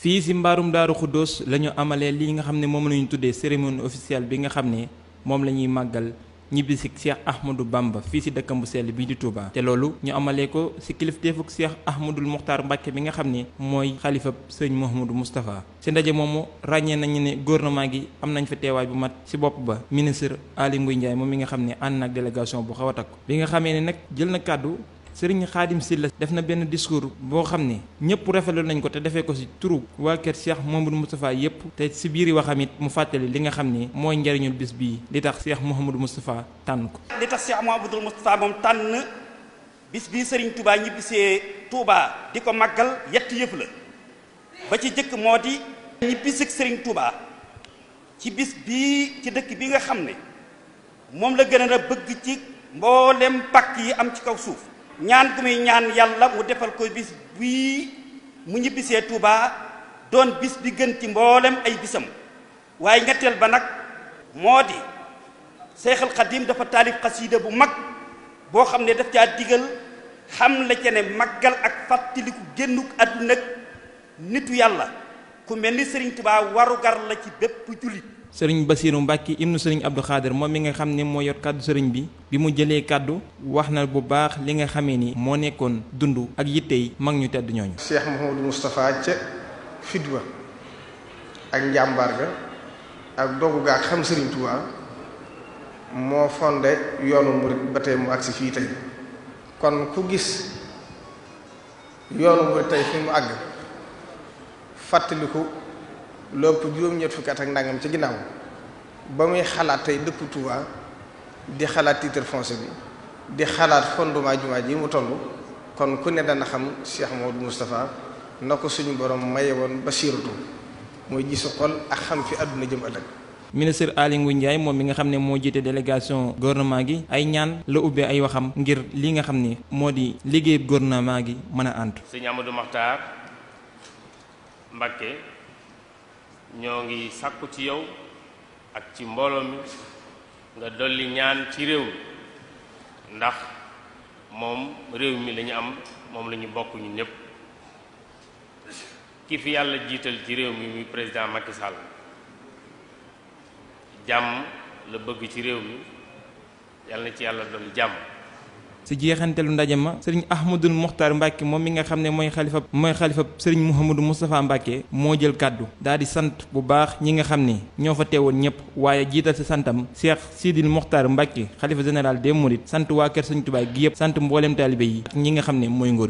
fii si mbaarum daaru xuddoos la ñu amalee lii nga xam ne moom la ñu tuddee cérémonie officielle bi nga xam ne moom la ñuy màggal ñibbi si Cheikh bam ba fii si dëkkam bu sell bii di Touba. te loolu ñu amalee ko si kilifteefug Cheikh Ahmadul moxtaar Mbàkke bi nga xam ne mooy xalifa sëñ Mouhamadou Moustapha. si ndaje moomu ràññee nañu ne gouvernement gi am nañ fa teewaay bu mat si bopp ba ministre Aly Ngouille Ndiaye moom mi nga xam ne ànd na ak délégation bu xaw a takku bi nga xamee ne nag jël na kàddu sëriñ xaadim silla def na benn discours boo xam ne ñëpp rafetlu nañ ko te defee ko ci turu waa kër Cheikh Mouhamadou Moustapha yëpp te si biiri waxam it mu fàttali li nga xam ne mooy njariñul bis bii li tax Cheikh Mouhamadou Moustapha tànn ko li tax Cheikh Mouhamadou Moustapha moom tànn bis bi sëriñ Touba ñibbisee Touba di ko màggal yett yëpp la ba ci jëkk moo di ñibbis ak sëriñ Touba ci bis bi ci dëkk bi nga xam ne moom la gën a bëgg ci mboolem pàkk yi am ci kaw suuf ñaan gu muy ñaan yàlla mu defal ko bis bii mu ñibbisee Touba doon bis bi gën ci mboolem ay bisam waaye ñetteel ba nag moo di Seexal Xadim dafa taalif xasiida bu mag boo xam ne daf caa digal xam la ca ne màggal ak fàttaliku génnuk àdduna nitu yàlla ku mel ni Sëriñ Touba warugar la ci bépp jullit sëriñ Basiiru Mbàkke ibnu sëriñ Abdou Khader moom mi nga xam ni moo yor kàddu sëriñ bi bi mu jëlee kàddu wax na bu baax li nga xamee ni moo nekkoon dund ak yitte yi mag ñu tedd ñooñu. Cheikh Mouhamadou Moustapha ca fidwa ak njàmbaar ga ak dogu ga ak xam sëriñ Tuubaa moo fonde yoonu murit ba tey mu agsi fii tey kon ku gis yoonu murit tey fi mu àgg fàttaliku. lopp juróom-ñett fukki at ak ndàngam ci ginnaaw ba muy xalaat tey dëkk Touba di xalaat titre foncier bi di xalaat fondement jumaa ji mu toll kon ku ne dana xam Cheikh Maodo Moustapha na ko suñu borom maye woon ba siiratu mooy gisu xol ak xam fi àdduna jëm ëllëg. ministre Aly Ngouille Ndiaye moom mi nga xam ne moo jiite délégation gouvernement gi ay ñaan la ubbee ay waxam ngir li nga xam ne moo di liggéey gouvernement gi mën a ànd. sëñ Amadou Makhtar Mbacké ñoo ngi sàkku ci yow ak ci mbooloo mi nga dolli ñaan ci réew ndax moom réew mi lañu am moom lañu ñu bokk ñu ñépp ki fi yàlla jiital ci réew mi muy président Macky Sall jàmm la bëgg ci réew mi yàlla na ci yàlla dolli jàmm si jeexanteelu ndaje ma sëriñ ahmadul muxtaar mbàkke moom mi nga xam ne mooy xalifa mooy xalifa sëriñ mouhamadou moustapha mbàkke moo jël kàddu daal di sant bu baax ñi nga xam ne ñoo fa teewoon ñëpp waaye jiital si santam cheikh sidil muxtaar mbàkke xalifa général des mourides sant waa kër sëriñ tuubaa gi yëpp sant mbooleem taalibe yi ñi nga xam ne mooy ngóor